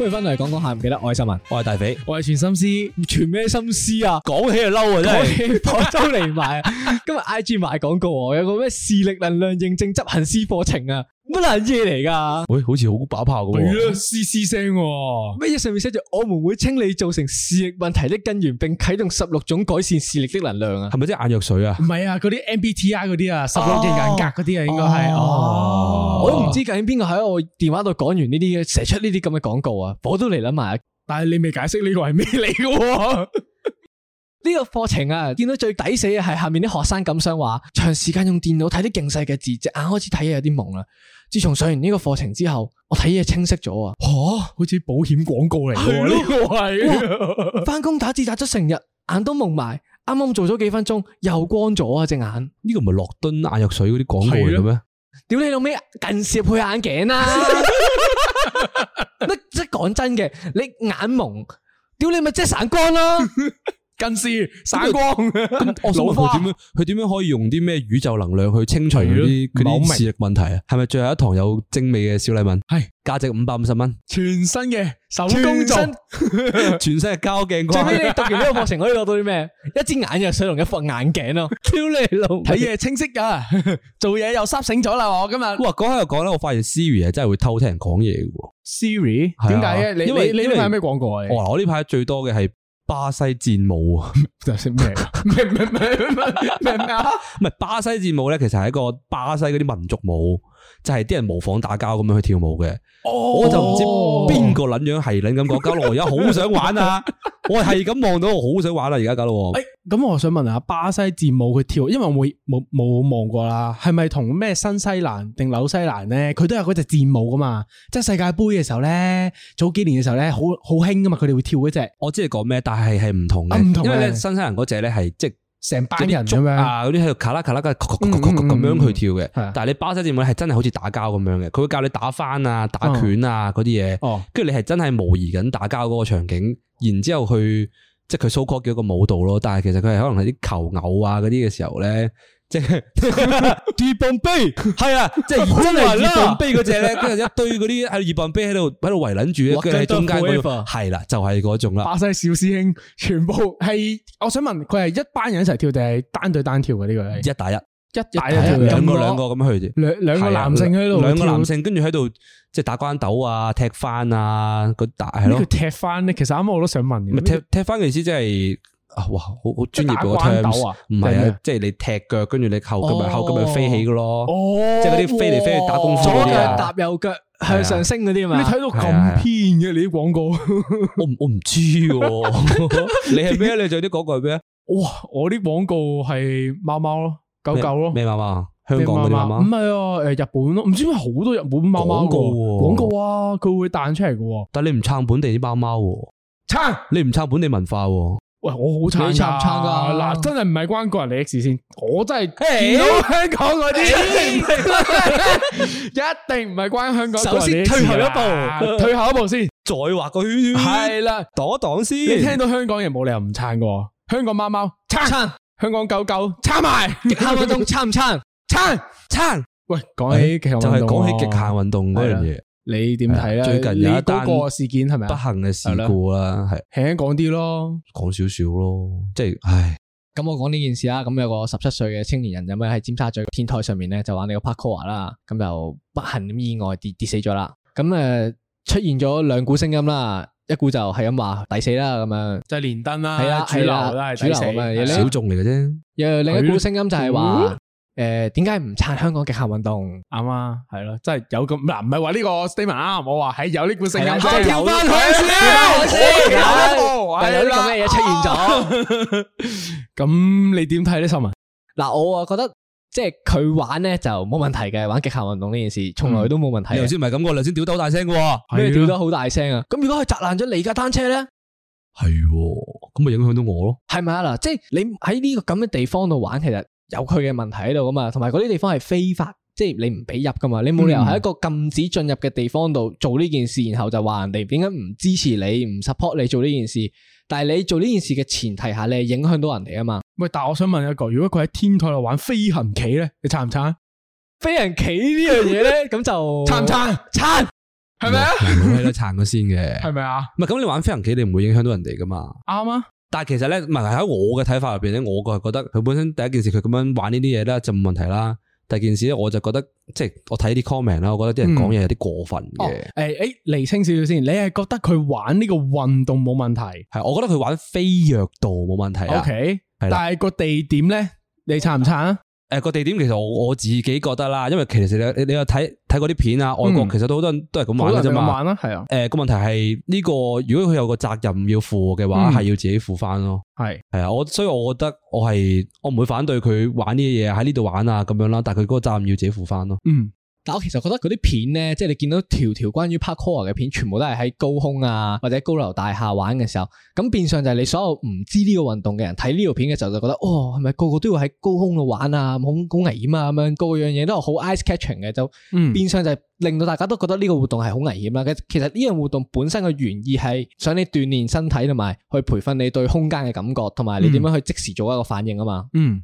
不如返嚟講講下，唔記得愛新聞啊！我係大肥，我係全心思，全咩心思啊？講起就嬲啊！真係是講起廣州嚟賣啊！ 今日 I G 賣廣告啊，我有個咩視力能量認證執行師課程啊！乜爛嘢嚟噶？喂、欸，好似好把炮咁樣，係啦，嘶嘶聲。乜嘢上面寫住？我們會清理造成視力問題的根源，並啟動十六種改善視力的能量啊？係咪即係眼藥水啊？唔係啊，嗰啲 MBTI 嗰啲啊，十六型人格嗰啲啊，應該係。哦，我都唔知究竟邊個喺我電話度講完呢啲，寫出呢啲咁嘅廣告啊，火都嚟諗埋。但係你未解釋呢個係咩嚟嘅？ 呢個課程啊，見到最抵死嘅係下面啲學生咁想話，長時間用電腦睇啲勁細嘅字，隻眼開始睇嘢有啲蒙啦。自從上完呢個課程之後，我睇嘢清晰咗啊！吓，好似保險廣告嚟嘅，呢的個係翻工打字打咗成日，眼都蒙埋。啱啱做咗幾分鐘，又光咗的啊！隻眼呢個唔係樂敦眼藥水嗰啲廣告嚟嘅咩？屌你老味，近視配眼鏡啊！乜即係講真嘅，你眼蒙，屌你咪即係散光啦、啊！ 近視散光咁，我老婆點樣？佢點樣可以用啲咩宇宙能量去清除嗰啲佢啲視力問題啊？係咪最後一堂有精美嘅小禮物？係價值五百五十蚊，全新嘅手工作，全新嘅膠鏡框。最屘你讀完呢個課程可以攞到啲咩？一枝眼藥水同一副眼鏡咯，超靚咯，睇嘢清晰噶，做嘢又省醒咗啦。我今日哇，講下又講啦，我發現 Siri 係真係會偷聽人講嘢嘅喎。Siri 點解嘅？你因為你呢排有咩廣告啊？我呢排最多嘅係。巴西戰舞啊！就識咩？咩咩咩咩咩，唔係巴西戰舞咧，其實係一個巴西嗰啲民族舞。就係啲人模仿打交咁樣去跳舞嘅，哦、我就唔知邊個捻樣係捻咁講交咯。我而家好想玩啊！ 我係咁望到，我好想玩啦、啊！而家搞咯。誒、欸，咁我想問下巴西戰舞佢跳，因為我冇冇冇望過啦。係咪同咩新西蘭定紐西蘭咧？佢都有嗰隻戰舞噶嘛？即係世界杯嘅時候咧，早幾年嘅時候咧，好好興噶嘛。佢哋會跳嗰隻，我知你講咩，但係係唔同嘅，唔、啊、同嘅。因為新西蘭嗰隻咧係即。成班人咁啊！嗰啲喺度卡啦卡啦咁咁樣去跳嘅。但係你巴西節目咧係真係好似打交咁樣嘅，佢會教你打翻啊、打拳啊嗰啲嘢。哦，跟住你係真係模擬緊打交嗰個場景，然之後去即係佢 so called 一個舞蹈咯。但係其實佢係可能係啲求偶啊嗰啲嘅時候咧。即係二磅碑，係啊，即係真係二磅碑嗰隻咧，跟住一堆嗰啲喺二磅碑喺度喺度圍捻住，跟住喺中間嗰個，係啦，就係嗰種啦。巴西小師兄全部係，我想問佢係一班人一齊跳定係單對單跳嘅呢個？一打一，一打一，兩個兩個咁去嘅，兩兩個男性喺度，兩個男性跟住喺度即係打關斗啊、踢翻啊嗰打係咯。踢翻咧，其實啱啱我都想問嘅，踢踢翻嘅意思即係。啊哇，好好專業俾我聽啊！唔係啊，即係你踢腳，跟住你後腳咪後腳咪飛起噶咯。哦，即係嗰啲飛嚟飛去打功夫嗰啲左腳踏右腳向上升嗰啲啊嘛。你睇到咁偏嘅你啲廣告，我我唔知。你係咩？你仲有啲廣告係咩？哇！我啲廣告係貓貓咯，狗狗咯。咩貓貓？香港嘅貓貓？唔係啊，誒，日本咯。唔知咩好多日本貓貓嘅廣告啊，佢會彈出嚟嘅。但係你唔撐本地啲貓貓喎，撐你唔撐本地文化喎。喂，我好差，你撐唔撐啊？嗱，真係唔係關個人利益事先，我真係，屌香港嗰啲，一定唔係關香港。首先退後一步，退後一步先，再畫個圈圈。係啦，擋一擋先。你聽到香港人冇理由唔撐喎？香港貓貓撐，香港狗狗撐埋，極限運動撐唔撐？撐撐。喂，講起就係講起極限運動嗰樣嘢。你點睇咧？最近有一單不幸嘅事故啦，係輕輕講啲咯，講少少咯，即係唉。咁我講呢件事啦。咁有個十七歲嘅青年人，咁樣喺尖沙咀天台上面咧就玩呢個 parkour 啦，咁就不幸咁意外跌跌死咗啦。咁誒出現咗兩股聲音啦，一股就係咁話抵死啦咁樣，就連登啦，係啦主流啦，係主流咁啊，小眾嚟嘅啫。又另一股聲音就係話。誒，點解唔撐香港極限運動啱啊？係咯，真係有咁嗱，唔係話呢個 statement 啦，我話係有呢股聲音，再跳翻去先，有啲咩嘢出現咗？咁你點睇呢新聞？嗱，我啊覺得即係佢玩咧就冇問題嘅，玩極限運動呢件事從來都冇問題。頭先唔係咁噶啦，先屌鬥大聲噶，咩屌得好大聲啊？咁如果佢砸爛咗你架單車咧，係咁咪影響到我咯？係咪啊？嗱，即係你喺呢個咁嘅地方度玩，其實。有佢嘅問題喺度噶嘛，同埋嗰啲地方係非法，即係你唔俾入噶嘛，你冇理由喺一個禁止進入嘅地方度做呢件事，然後就話人哋點解唔支持你、唔 support 你做呢件事？但係你做呢件事嘅前提下，你係影響到人哋啊嘛。喂，但係我想問一個，如果佢喺天台度玩飛行棋咧，你撐唔撐？飛行棋呢樣嘢咧，咁就撐唔撐？撐，係咪啊？冇啦嗎，撐佢先嘅，係咪啊？唔係咁，你玩飛行棋，你唔會影響到人哋噶嘛？啱啊。 但係其實咧，問題喺我嘅睇法入邊咧，我個係覺得佢本身第一件事佢咁樣玩呢啲嘢啦，就冇問題啦。第二件事咧，我就覺得即係我睇啲 comment 啦，我覺得啲人講嘢有啲過分嘅。誒誒、嗯，厘、哦欸、清少少先，你係覺得佢玩呢個運動冇問題？係，我覺得佢玩飛躍度冇問題。O K，係啦，但係個地點咧，你撐唔撐啊？誒，個地點其實我我自己覺得啦，因為其實你你又睇睇嗰啲片啊，外國其實都好多人都係咁玩嘅啫嘛。嗯、咁樣玩啦，係啊。誒，個問題係呢、這個，如果佢有個責任要負嘅話，係、嗯、要自己負翻咯。係係啊，我所以我覺得我係我唔會反對佢玩呢啲嘢，喺呢度玩啊咁樣啦，但係佢嗰個責任要自己負翻咯。嗯。但我其實覺得嗰啲片咧，即係你見到條條關於 Parkour 嘅片，全部都係喺高空啊或者高樓大廈玩嘅時候，咁變相就係你所有唔知呢個運動嘅人睇呢條片嘅時候，就覺得哦，係咪個個都要喺高空度玩啊，好好危險啊咁樣，個樣嘢,都係好 ice catching 嘅，就變相就係令到大家都覺得呢個活動係好危險啦。嗯，其實呢樣活動本身嘅原意係想你鍛煉身體同埋去培訓你對空間嘅感覺，同埋你點樣去即時做一個反應啊嘛。嗯，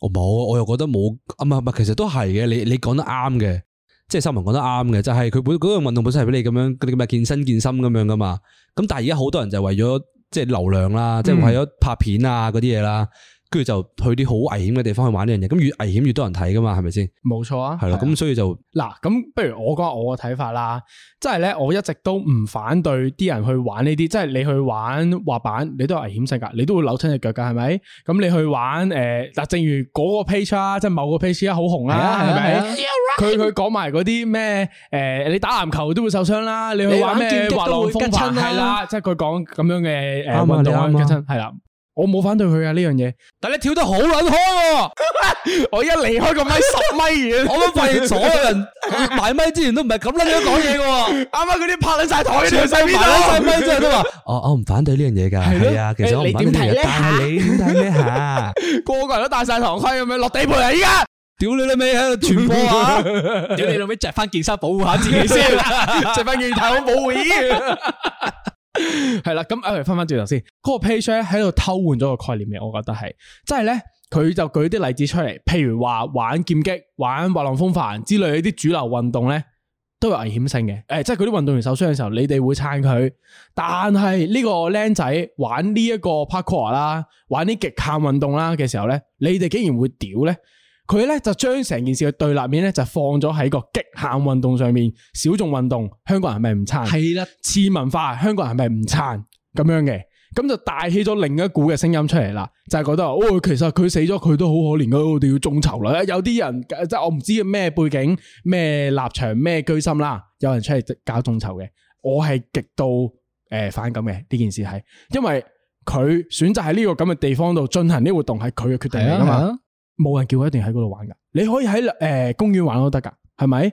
我冇，我又覺得冇，唔係係，其實都係嘅，你你講得啱嘅。即係新聞講得啱嘅，就係、是、佢本嗰個運動本身係俾你咁樣，你咁啊健身健身咁樣噶嘛。咁但係而家好多人就為咗即係流量啦，即係、嗯、為咗拍片啊嗰啲嘢啦。跟住就去啲好危險嘅地方去玩呢樣嘢，咁越危險越多人睇噶嘛，係咪先？冇錯啊，係咯，咁所以就嗱，咁不如我講我嘅睇法啦，即係咧，我一直都唔反對啲人去玩呢啲，即係你去玩滑板，你都係危險性格，你都會扭親隻腳噶，係咪？咁你去玩誒，嗱，正如嗰個 page 啊，即係某個 page 啊，好紅啦，係咪？佢佢講埋嗰啲咩？誒，你打籃球都會受傷啦，你去玩咩滑浪風帆係啦，即係佢講咁樣嘅誒運動啊，係啦。我冇反對佢啊呢樣嘢，但你跳得好卵開，我一離開個麥十米遠，我都發現所有人買麥之前都唔係咁啦，你都講嘢嘅喎，啱啱嗰啲拍緊晒台，全部埋咗晒麥之後都話，我我唔反對呢樣嘢噶，係啊，其實我唔反對，但係你，點睇咩下？個個人都戴晒頭盔咁樣落地盤啊，依家，屌你老味喺度傳播啊，屌你老味着翻件衫保護下自己先，着翻件頭盔保護。係啦，咁我哋翻翻轉頭先，嗰個 page 喺度偷換咗個概念嘅，我覺得係，即係呢，佢就舉啲例子出嚟，譬如話玩劍擊、玩滑浪風帆之類啲主流運動呢，都有危險性嘅，誒，即係嗰啲運動員受傷嘅時候，你哋會撐佢，但係呢個僆仔玩呢一個 Parkour 啦，玩啲極限運動啦嘅時候呢，你哋竟然會屌呢。佢咧就將成件事嘅對立面咧就放咗喺個極限運動上面，小眾運動香港人係咪唔撐？係啦的，次文化香港人係咪唔撐？咁樣嘅，咁就帶起咗另一股嘅聲音出嚟啦，就係、是、覺得哦，其實佢死咗，佢都好可憐，我哋要眾籌啦。有啲人即係、就是、我唔知咩背景、咩立場、咩居心啦，有人出嚟搞眾籌嘅，我係極度誒、呃、反感嘅呢件事係，因為佢選擇喺呢個咁嘅地方度進行啲活動係佢嘅決定嚟噶嘛。冇人叫佢一定喺嗰度玩噶，你可以喺誒、呃、公園玩都得噶，係咪？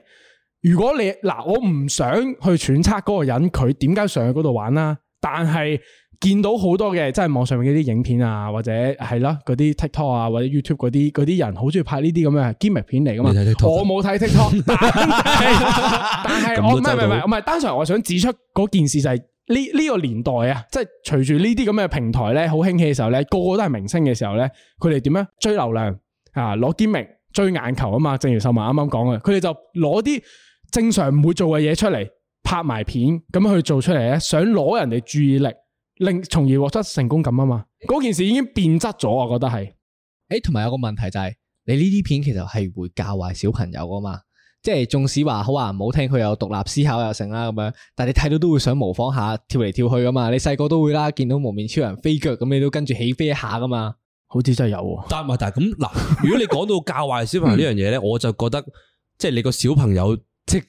如果你嗱，我唔想去揣測嗰個人佢點解上去嗰度玩啦，但係見到好多嘅即係網上面嗰啲影片啊，或者係啦嗰啲 TikTok 啊或者 YouTube 嗰啲嗰啲人好中意拍呢啲咁嘅 game 片嚟噶嘛，我冇睇 TikTok，但係我唔係唔係唔係，單純我想指出嗰件事就係呢呢個年代啊，即係隨住呢啲咁嘅平台咧好興起嘅時候咧，個個都係明星嘅時候咧，佢哋點樣追流量？啊！攞啲名追眼球啊嘛，正如秀文啱啱講嘅，佢哋就攞啲正常唔會做嘅嘢出嚟拍埋片，咁樣去做出嚟咧，想攞人哋注意力，令從而獲得成功感啊嘛。嗰件事已經變質咗啊，我覺得係。誒、欸，同埋有個問題就係、是，你呢啲片其實係會教壞小朋友噶嘛。即係縱使話好話唔好聽，佢有獨立思考又成啦咁樣，但係你睇到都會想模仿下，跳嚟跳去噶嘛。你細個都會啦，見到蒙面超人飛腳咁，你都跟住起飛一下噶嘛。好似真係有喎、啊，但係但係咁嗱，如果你講到教壞小朋友呢樣嘢咧， 我就覺得即係、就是、你個小朋友即係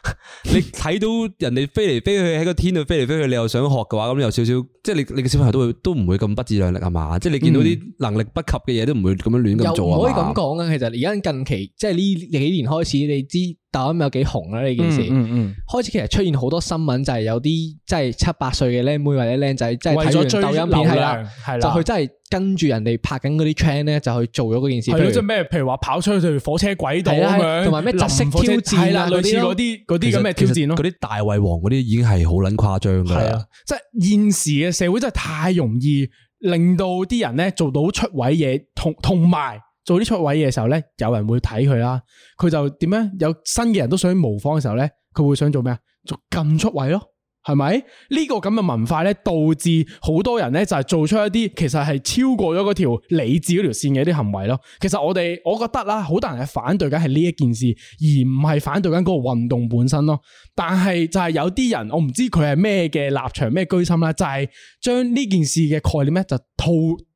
你睇到人哋飛嚟飛去喺個天度飛嚟飛去，你又想學嘅話，咁有少少即係、就是、你你嘅小朋友都會都唔會咁不自量力啊嘛？即係、嗯、你見到啲能力不及嘅嘢都唔會咁樣亂咁做啊？唔可以咁講啊！吧其實而家近期即係呢幾年開始，你知。抖音有幾紅啊，呢件事，嗯、開始其實出現好多新聞，就係有啲即係七八歲嘅僆妹或者僆仔，即係睇完抖音片係啦，係啦，佢的的真係跟住人哋拍緊嗰啲 chain 咧，就去做咗嗰件事。嗰啲咩？譬如話跑出去去火車軌道同埋咩窒息挑戰啊，的類似嗰啲啲咁嘅挑戰咯。嗰啲大胃王嗰啲已經係好捻誇張噶啦。即係現時嘅社會真係太容易令到啲人咧做到出位嘢，同同埋。做啲出位嘅時候呢，有人會睇佢啦。佢就點樣？有新嘅人都想模仿嘅時候呢，佢會想做咩啊？做更出位咯，係咪？呢個咁嘅文化呢，導致好多人呢，就係做出一啲其實係超過咗嗰條理智嗰條線嘅一啲行為咯。其實我哋我覺得啦，好多人係反對緊係呢一件事，而唔係反對緊嗰個運動本身咯。但係就係有啲人，我唔知佢係咩嘅立場咩居心啦，就係將呢件事嘅概念呢，就套。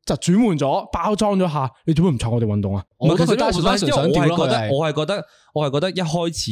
就轉換咗，包裝咗下，你做咩唔撐我哋運動啊？是我係覺得，我係覺得，我係覺得一開始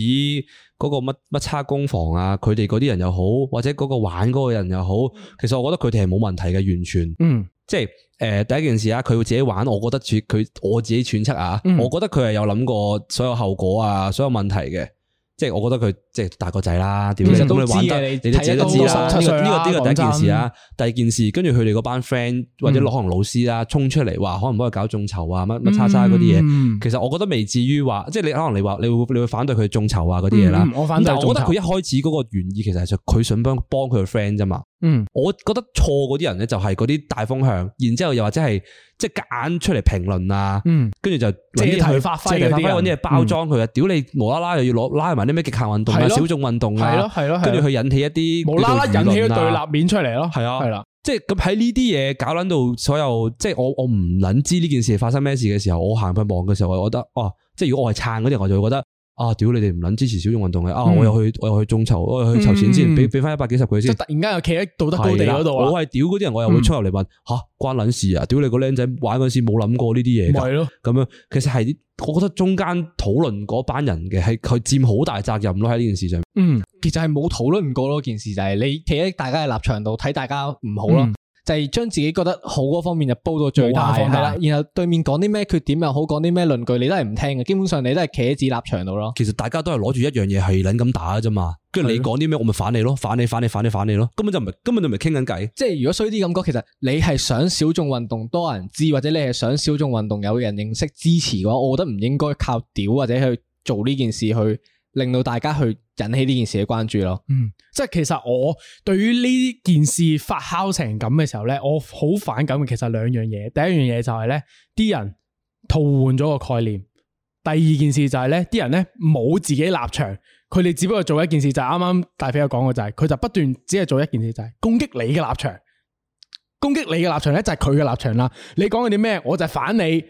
嗰個乜乜差工房啊，佢哋啲人又好，或者嗰個玩嗰個人又好，其實我覺得佢哋係冇問題嘅，完全，嗯，即係、就是，誒、呃，第一件事啊，佢自己玩，我覺得揣佢，我自己揣測啊，嗯、我覺得佢係有諗過所有後果啊，所有問題嘅。即係我覺得佢即係大個仔啦，點樣咁你玩嘅你你哋都知啦。呢個呢個第一件事啦，第二件事，跟住佢哋嗰班 friend 或者可行老師啦，衝出嚟話可唔可以搞眾籌啊，乜乜叉叉嗰啲嘢。其實我覺得未至於話，即係你可能你話你會你會反對佢眾籌啊嗰啲嘢啦、嗯。我反對，但我覺得佢一開始嗰個原意其實係佢想幫幫佢個 friend 啫嘛。嗯，我覺得錯嗰啲人咧就係嗰啲大風向，然之後又或者係。即係夾硬出嚟評論啊，跟住就即係發揮，發揮嗰啲係包裝佢啊！屌你無啦啦又要攞拉埋啲咩極限運動啊、小眾運動啊，係咯，係咯，跟住佢引起一啲無啦啦引起咗對立面出嚟咯，係啊，係啦，即係咁喺呢啲嘢搞捻到所有，即係我我唔捻知呢件事發生咩事嘅時候，我行去望嘅時候，我覺得哦，即係如果我係撐嗰啲，我就會覺得。啊！屌你哋唔捻支持小眾運動嘅啊！我又去我又去眾籌，我又去籌錢先，俾俾翻一百幾十句先。即係突然間又企喺道德高地嗰度我係屌嗰啲人，我又會出入嚟問吓、嗯啊、關捻事啊！屌你個僆仔玩嗰時冇諗過呢啲嘢噶，咁樣其實係我覺得中間討論嗰班人嘅係佢佔好大責任咯，喺呢件事上。嗯，其實係冇討論過咯，件事就係、是、你企喺大家嘅立場度睇，大家唔好咯。嗯就係將自己覺得好嗰方面就煲到最大放大，的然後對面講啲咩缺點又好，講啲咩論據，你都係唔聽嘅。基本上你都係茄子立場度咯。其實大家都係攞住一樣嘢係捻咁打嘅啫嘛。跟住你講啲咩，我咪反你咯，反你反你反你反你咯。根本就唔係根本就唔係傾緊偈。即係如果衰啲咁講，其實你係想小眾運動多人知，或者你係想小眾運動有人認識支持嘅話，我覺得唔應該靠屌或者去做呢件事去。令到大家去引起呢件事嘅關注咯。嗯，即係其實我對於呢件事發酵成咁嘅時候呢，我好反感嘅。其實兩樣嘢，第一樣嘢就係呢啲人套換咗個概念；第二件事就係呢啲人呢冇自己立場，佢哋只不過做一件事，就係啱啱大飛有講過就係，佢就不斷只係做一件事，就係、是、攻擊你嘅立場，攻擊你嘅立場呢，就係佢嘅立場啦。你講緊啲咩，我就反你。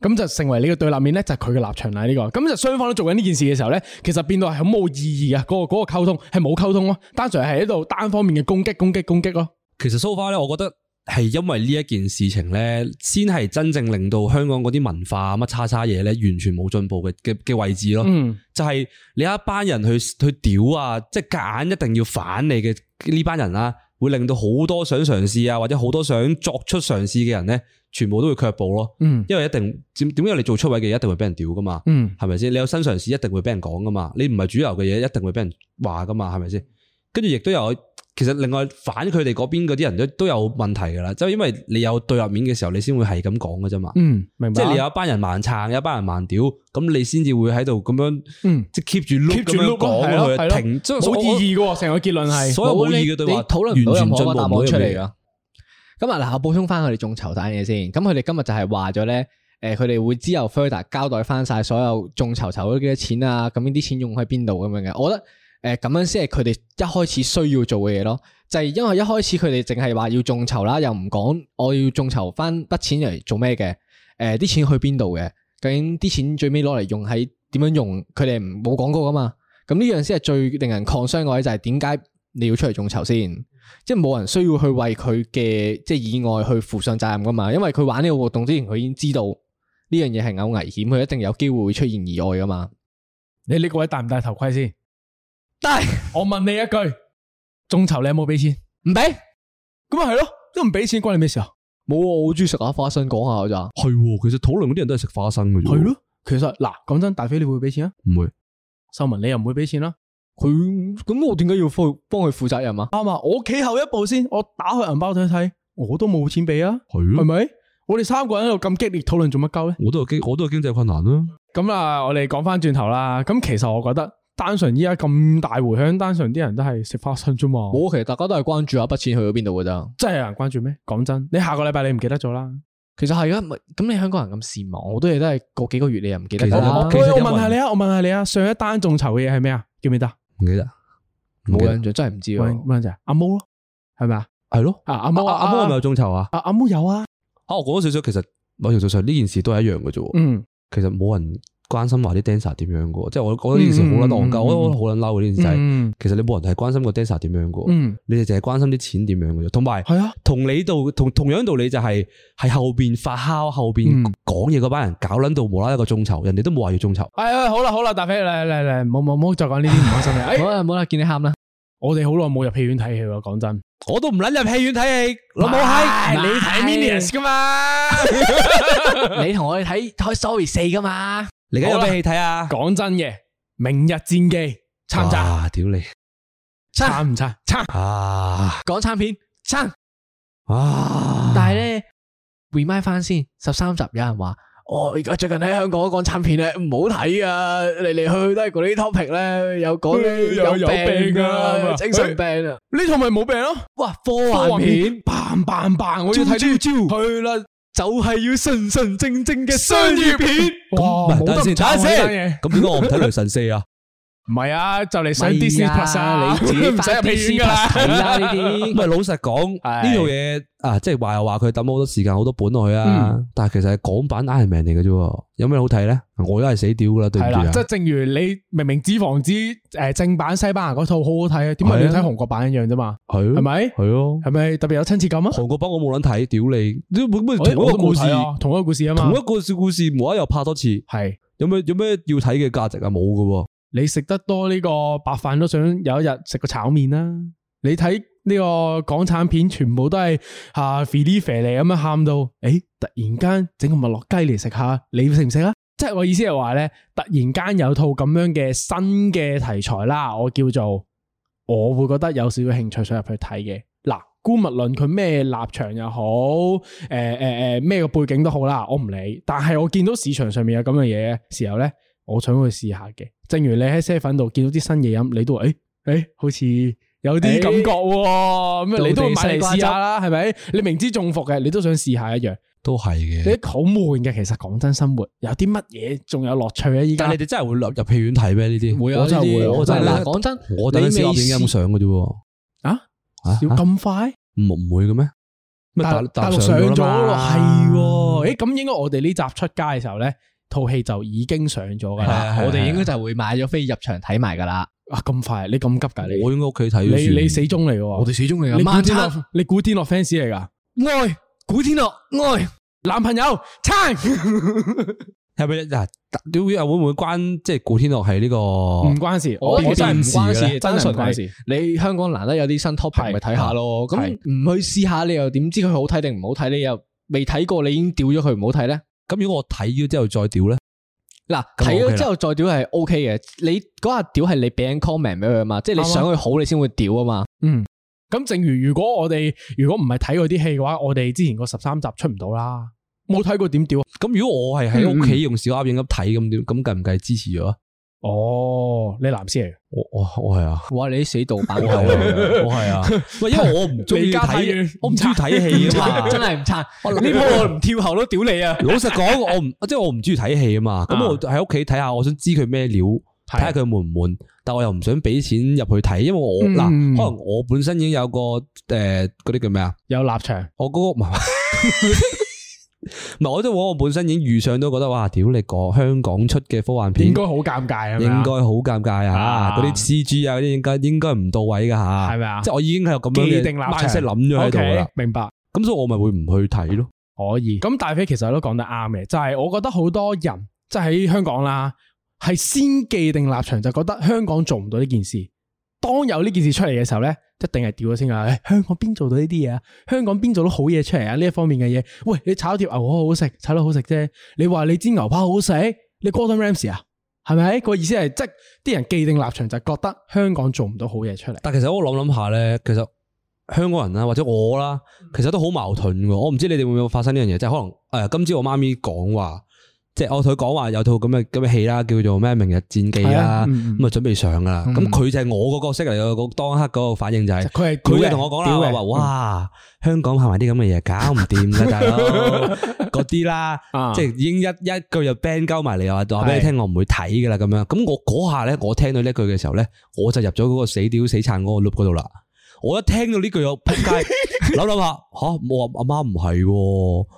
咁就成為你嘅對立面咧，就係佢嘅立場啦。呢個咁就雙方都做緊呢件事嘅時候咧，其實變到係好冇意義嘅，嗰個嗰個溝通係冇溝通咯，單純係喺度單方面嘅攻擊、攻擊、攻擊咯。其實 so far 咧，我覺得係因為呢一件事情咧，先係真正令到香港嗰啲文化乜叉叉嘢咧，完全冇進步嘅嘅嘅位置咯。嗯，就係你有一班人去去屌啊，即係夾硬一定要反你嘅呢班人啦。會令到好多想嘗試啊，或者好多想作出嘗試嘅人咧，全部都會卻步咯。嗯，因為一定，點，點解你做出位嘅嘢，一定會俾人屌噶嘛。嗯，係咪先？你有新嘗試，一定會俾人講噶嘛。你唔係主流嘅嘢，一定會俾人話噶嘛。係咪先？跟住亦都有。其實另外反佢哋嗰邊嗰啲人都都有問題噶啦，就因為你有對立面嘅時候，你先會係咁講噶啫嘛。嗯，明白。即係你有一班人盲撐，有一班人盲屌，咁你先至會喺度咁樣，即係 keep 住 keep 住咁樣講咯，係咯，係咯，停，即係冇意義噶，成個結論係，所有冇意義嘅對話討論完全冇答案出嚟噶。咁啊，嗱，我補充翻佢哋眾籌單嘢先。咁佢哋今日就係話咗咧，誒，佢哋會之後 Further 交代翻晒所有眾籌籌咗幾多錢啊，咁呢啲錢用喺邊度咁樣嘅。我覺得。誒，咁樣先係佢哋一開始需要做嘅嘢咯，就係因為一開始佢哋淨係話要眾籌啦，又唔講我要眾籌翻筆錢嚟做咩嘅，誒、呃，啲錢去邊度嘅？究竟啲錢最尾攞嚟用喺點樣用？佢哋冇講過噶嘛？咁呢樣先係最令人抗傷嘅，就係點解你要出嚟眾籌先？即係冇人需要去為佢嘅即係意外去負上責任噶嘛？因為佢玩呢個活動之前，佢已經知道呢樣嘢係有危險，佢一定有機會出現意外噶嘛？你呢個位戴唔戴頭盔先？但係我問你一句，眾籌你有冇俾錢？唔俾，咁咪係咯，都唔俾錢關你咩事啊？冇，我好中意食下花生說說，講下咋？係，其實討論嗰啲人都係食花生嘅。係咯，其實嗱，講真大，大飛你會唔會俾錢啊？唔會。秀文你又唔會俾錢啦？佢咁、嗯、我點解要負幫佢負責任啊？啱啊，我企後一步先，我打開銀包睇睇，我都冇錢俾啊。係的，係咪？我哋三個人喺度咁激烈討論，做乜鳩咧？我都有經濟，我都有經濟困難啦。咁啊，我哋講翻轉頭啦。咁其實我覺得。單純而家咁大回響，單純啲人都係食花生啫嘛。冇，其實大家都係關注啊，一筆錢去咗邊度噶啫。真係有人關注咩？講真，你下個禮拜你唔記得咗啦。其實係啊，咁你香港人咁善忘，好多嘢都係過幾個月你又唔記得啦。我問下你啊，我問下你啊，上一單眾籌嘅嘢係咩啊？記唔記得？唔記得，冇印象，真係唔知。乜嘢？阿毛咯，係咪啊？係咯。啊阿毛阿阿，係咪有眾籌啊？阿阿毛有啊。啊我講多少少，其實某程度上呢件事都係一樣嘅啫。嗯，其實冇人。關心話啲 Dancer 點樣嘅，即係我覺得呢件事好撚戇鳩，我覺得好撚嬲呢件事。其實你冇人係關心個 Dancer 點樣嘅，你哋淨係關心啲錢點樣嘅啫。同埋係啊，同你度同同樣道理就係喺後邊發酵後邊講嘢嗰班人搞撚到無啦啦一個眾籌，人哋都冇話要眾籌。係啊，好啦好啦，大飛嚟嚟嚟，唔好唔好再講呢啲唔開心嘅。好啦好啦，見你喊啦。我哋好耐冇入戲院睇戲啦，講真，我都唔撚入戲院睇戲。老母係，你睇 Minions 噶嘛？你同我哋睇開 Toy Story 4噶嘛？你而家有咩戲睇啊？講真嘅，《明日戰記》撐唔撐？屌你，撐唔撐？撐啊！講撐片，撐啊！但係咧，remind 翻先，十三集有人話，我而家最近喺香港講撐片咧，唔好睇啊！嚟嚟去去都係嗰啲 topic 咧，有講有有病啊，精神病啊！呢套咪冇病咯？哇！科幻片，棒棒棒，我要招招去啦！就係要純純正正嘅商業片。咁唔等陣先，等陣先。咁點解我唔睇雷神四啊？ 唔係啊，就嚟上 D C Plus 啊，你唔使入戲院噶。你啦呢啲，唔喂，老實講呢樣嘢啊，即係話又話佢抌好多時間好多本落去啊。但係其實係港版 Iron Man 嚟嘅啫，有咩好睇咧？我都係死屌噶啦，對唔住啊！即係正如你明明紙房子誒正版西班牙嗰套好好睇啊，點解你睇韓國版一樣啫嘛？係咪？係咯？係咪特別有親切感啊？韓國版我冇諗睇，屌你都本本同一個故事啊，同一個故事啊嘛，同一個故事冇啊，又拍多次係。有咩有咩要睇嘅價值啊？冇㗎喎。你食得多呢個白飯都想有一日食個炒麵啦。你睇呢個港產片全部都係吓肥膩肥膩咁樣喊到，誒、欸，突然間整個麥樂雞嚟，食下，你食唔食啊？即係我意思係話咧，突然間有套咁樣嘅新嘅題材啦，我叫做我會覺得有少少興趣想入去睇嘅。嗱，姑勿論佢咩立場又好，誒誒誒咩個背景都好啦，我唔理。但係我見到市場上面有咁樣嘢嘅時候咧，我想去試下嘅，正如你喺車粉度見到啲新嘢飲，你都話誒誒，好似有啲感覺咁，你都買嚟試下啦，係咪？你明知中伏嘅，你都想試下一樣，都係嘅。啲好悶嘅，其實講真，生活有啲乜嘢仲有樂趣啊？依家你哋真係會落入戲院睇咩？呢啲會啊，真係會。嗱，講真，我哋啲電影有上嘅啫。啊要咁快唔唔會嘅咩？但係大陸上咗咯，係誒，咁應該我哋呢集出街嘅時候咧。套戲就已經上咗噶啦，我哋應該就係會買咗飛入場睇埋噶啦。啊咁快，你咁急噶？你我應該屋企睇。你你死忠嚟嘅喎，我哋死忠嚟嘅。你古天樂，你古天樂 fans 嚟噶。愛古天樂，愛男朋友。撐係咪一呀？會唔會關即係古天樂係呢個？唔關事，我真係唔關事，真係唔關事。你香港難得有啲新 topic，咪睇下咯。咁唔去試下，你又點知佢好睇定唔好睇？你又未睇過，你已經掉咗佢唔好睇咧？咁如果我睇咗之後再屌咧？嗱，睇咗之後再屌係 O K 嘅。OK、你嗰下屌係你俾人 comment 俾佢嘛？即係你想佢好，你先會屌啊嘛。嗯。咁正如如果我哋如果唔係睇嗰啲戲嘅話，我哋之前個十三集出唔到啦，冇睇過點屌。咁、嗯、如果我係喺屋企用小鴨影咁睇，咁點？咁計唔計支持咗？哦，你藍絲嚟？我我我係啊！哇，你啲死盜版，我係啊！喂，因為我唔中意睇，我唔中意睇戲啊嘛！真係唔差，呢鋪我唔跳後都屌你啊！老實講，我唔即係我唔中意睇戲啊嘛。咁我喺屋企睇下，我想知佢咩料，睇下佢悶唔悶。但我又唔想俾錢入去睇，因為我嗱，可能我本身已經有個誒嗰啲叫咩啊？有立場，我嗰個唔係。唔係，我都我本身已經預想，都覺得哇！屌你個香港出嘅科幻片，應該好尷尬，是是尷尬啊，應該好尷尬啊，嗰啲 C G 啊，嗰啲應該應該唔到位噶吓，係咪啊？是是即係我已經係有咁樣嘅慢射諗咗喺度啦。Okay, 明白。咁所以我咪會唔去睇咯。可以。咁大飛其實都講得啱嘅，就係、是、我覺得好多人即係喺香港啦，係先既定立場就覺得香港做唔到呢件事。當有呢件事出嚟嘅時候呢，一定係屌咗先啊！香港邊做到呢啲嘢啊？香港邊做到好嘢出嚟啊？呢一方面嘅嘢，喂，你炒到條牛河好食，炒得好食啫！你話你煎牛扒好食，你 Gordon Ramsay 啊，係咪？個意思係即係啲人既定立場就係覺得香港做唔到好嘢出嚟。但其實我諗諗下呢，其實香港人啦，或者我啦，其實都好矛盾嘅。我唔知你哋會唔會發生呢樣嘢，即係可能誒、哎，今朝我媽咪講話。即係我同佢講話有套咁嘅咁嘅戲啦，叫做咩《明日戰記》啦，咁啊準備上噶啦。咁佢就係我個角色嚟嘅，當刻嗰個反應就係佢係佢同我講啦，話哇香港拍埋啲咁嘅嘢搞唔掂噶大佬，嗰啲啦，即係已經一一句就 bang 鳩埋嚟啊，話俾你聽我唔會睇噶啦咁樣。咁我嗰下咧，我聽到呢句嘅時候咧，我就入咗嗰個死屌死撐嗰個 loop 嗰度啦。我一聽到呢句又仆街諗諗下吓，我阿媽唔係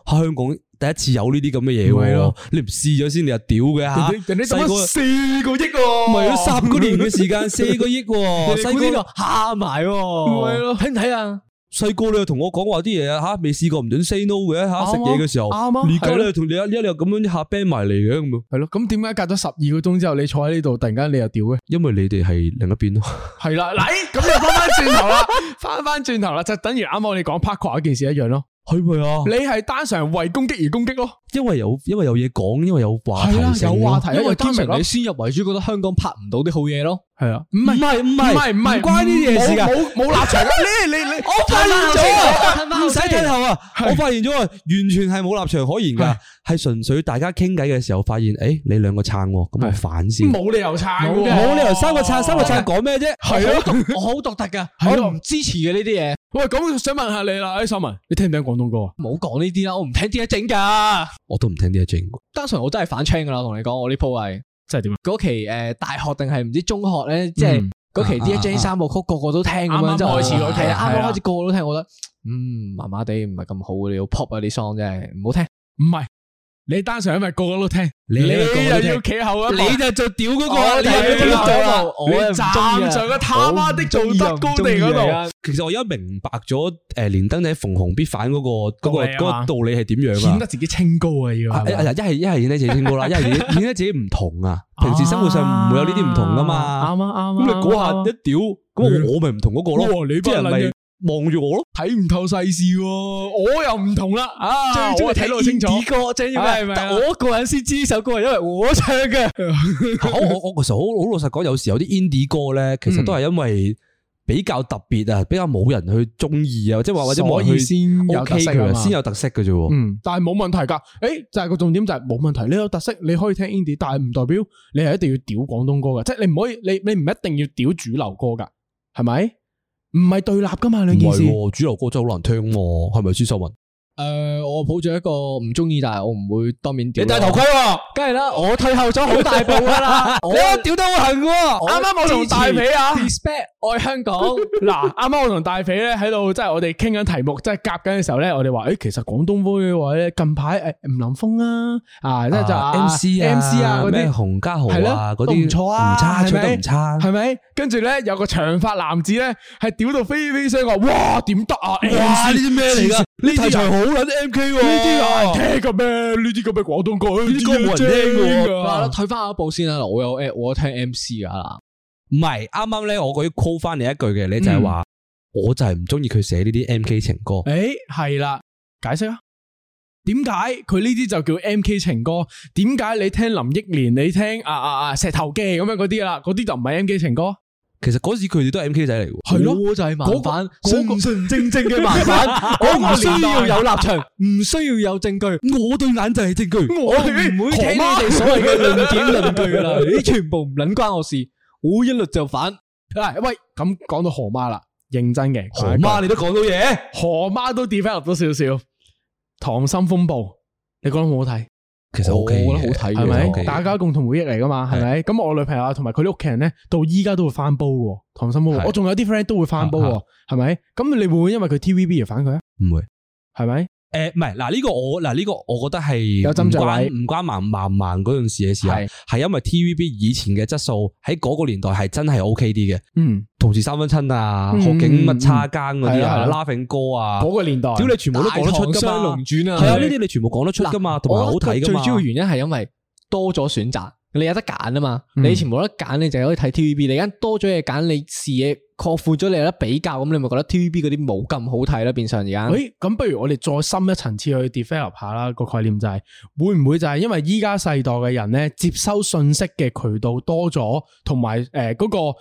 喺香港。第一次有呢啲咁嘅嘢喎，你唔試咗先，你又屌嘅吓？人哋細個四個億喎，唔係啊，十個年嘅時間四個億喎，細個吓埋喎，唔係咯，聽睇啊，細個你又同我講話啲嘢，啊吓，未試過唔准 say no 嘅吓，食嘢嘅時候啱啊，而家咧同你一咧你又咁樣一下 ban 埋嚟嘅咁，係咯，咁點解隔咗十二個鐘之後你坐喺呢度，突然間你又屌嘅？因為你哋係另一邊咯，係啦，嚟咁你又翻翻轉頭啦，翻翻轉頭啦，就等於啱啱我哋講 Parkour 嗰件事一樣咯。係咪啊？是是你係單純為攻擊而攻擊咯？因為有因為有嘢講，因為有話題，有話題，因為單純你先入為主，覺得香港拍唔到啲好嘢咯。係啊，唔係唔係唔係唔係唔係關呢啲嘢事噶，冇冇立場噶，你你你，我發現咗，唔使聽頭啊，我發現咗，啊！完全係冇立場可言噶，係純粹大家傾偈嘅時候發現，誒，你兩個撐，咁係反先，冇理由撐，冇理由三個撐，三個撐講咩啫？係啊！我好獨特噶，我唔支持嘅呢啲嘢。喂，咁想問下你啦，誒，三文，你聽唔聽廣東歌啊？唔講呢啲啦，我唔聽 DJ 整噶，我都唔聽 DJ 整，單純我真係反撐噶啦，同你講，我呢鋪係。即係點？嗰期誒、呃，大學定係唔知中學咧，即係嗰、嗯、期 D J 三部曲，嗯、個個都聽咁樣就。啱啱開始嗰期，啱啱哇開始個個都聽，我覺得嗯麻麻地，唔係咁好嘅料，pop 嗰啲 song 真係唔好聽，唔係。你單純咁咪個個都聽，你，個個都聽，你又要企後，你做、哦，你就就屌嗰個，你喺邊度啊？我站在個他媽的道德高地嗰度。其實我而家明白咗，誒，連登仔逢紅必反嗰個個個道理係點樣啊？顯得自己清高啊， 啊要一係一係顯得自己清高啦，一係顯得自己唔同啊。平時生活上唔會有呢啲唔同噶嘛？啱啊啱、啊、咁、啊、你嗰下一屌，咁我咪唔、嗯、同嗰、嗰個咯。即係唔係。啊望住我咯，睇唔透世事喎、啊，我又唔同啦。啊，最終係睇落清楚歌，正啲咩？是是啊、我個人先知首歌係因為我唱嘅。我我我個時候好好，好，好老實講，有時有啲 indie 歌咧，其實都係因為比較特別啊，比較冇人去中意啊，即係話或者冇人去先、OK，有特色，先有特色嘅啫。嗯，但係冇問題噶。誒、欸，就係、是、個重點就係冇問題。你有特色，你可以聽 indie，但係唔代表你係一定要屌廣東歌嘅，即、就、係、是、你唔可以，你你唔一定要屌主流歌噶，係咪？唔係對立㗎嘛，兩件事，主流歌真係好難聽啊，係咪朱秀文？誒，我抱住一個唔中意，但係我唔會當面屌。你戴頭盔，梗係啦，我退後咗好大步噶啦。你屌得好痕，啱啱我同大肥啊，respect 愛香港。嗱，啱啱我同大肥咧喺度，即係我哋傾緊題目，即係夾緊嘅時候咧，我哋話誒，其實廣東歌嘅話近排誒吳林峰啊，啊即係就 M C 啊，咩洪家豪啊，嗰啲唔錯啊，唔差，都唔差，係咪？跟住咧有個長髮男子咧，係屌到飛飛聲，我話哇點得啊？哇呢啲咩嚟噶？呢啲人。好捻 M K 呢啲啊聽噶咩？呢啲咁嘅廣東歌，呢啲歌冇人聽噶、啊。睇翻下一步先啦，我有 a、嗯、我聽 M C 噶啦。唔係啱啱咧，我嗰啲 call 翻你一句嘅，你就係話，我就係唔中意佢寫呢啲 M K 情歌。誒，係啦，解釋啊，點解佢呢啲就叫 M K 情歌？點解你聽林憶蓮，你聽啊啊啊，啊石頭記咁樣嗰啲啦？嗰啲就唔係 M K 情歌。其實嗰陣時佢哋都係 M K 仔嚟嘅，係咯，我就係盲反，純純正正嘅盲反，我唔需要有立場，唔需要有證據，我對眼就係證據，我唔會睇呢啲所謂嘅論點論據啦，啲全部唔撚關我事，我一律就反。喂，咁講到河馬啦，認真嘅河馬你都講到嘢，河馬都 develop 咗少少，溏心風暴，你覺得好唔好睇？其實我、OK、我覺得好睇，係咪吧？大家、OK、的共同回憶嚟噶嘛，係咪的？咁我女朋友同埋佢啲屋企人咧，到依家都會翻煲嘅，溏心煲。的我仲有啲 friend 都會翻煲，係咪的？咁你會唔會因為佢 TVB 而反佢啊？唔會，係咪？誒，唔係，嗱呢個我，嗱呢個我覺得係唔關唔關慢慢慢嗰陣時嘅時候，係因為 TVB 以前嘅質素喺嗰個年代係真係 OK 啲嘅。嗯，同時三分親啊，好景乜叉更嗰啲啊，Laughing 哥啊，嗰個年代，屌你全部都講得出噶嘛，係啊，呢啲你全部講得出噶嘛，同埋好睇噶嘛。我覺得最主要原因係因為多咗選擇，你有得揀啊嘛，你以前冇得揀，你就只可以睇 TVB，你而家多咗嘢揀，你試嘢。擴闊咗你有得比較咁，你咪覺得 TVB 嗰啲冇咁好睇咯？變相而家，誒，咁不如我哋再深一層次去 develop 下啦。個概念就係會唔會就係因為依家世代嘅人咧，接收信息嘅渠道多咗，同埋誒嗰個誒、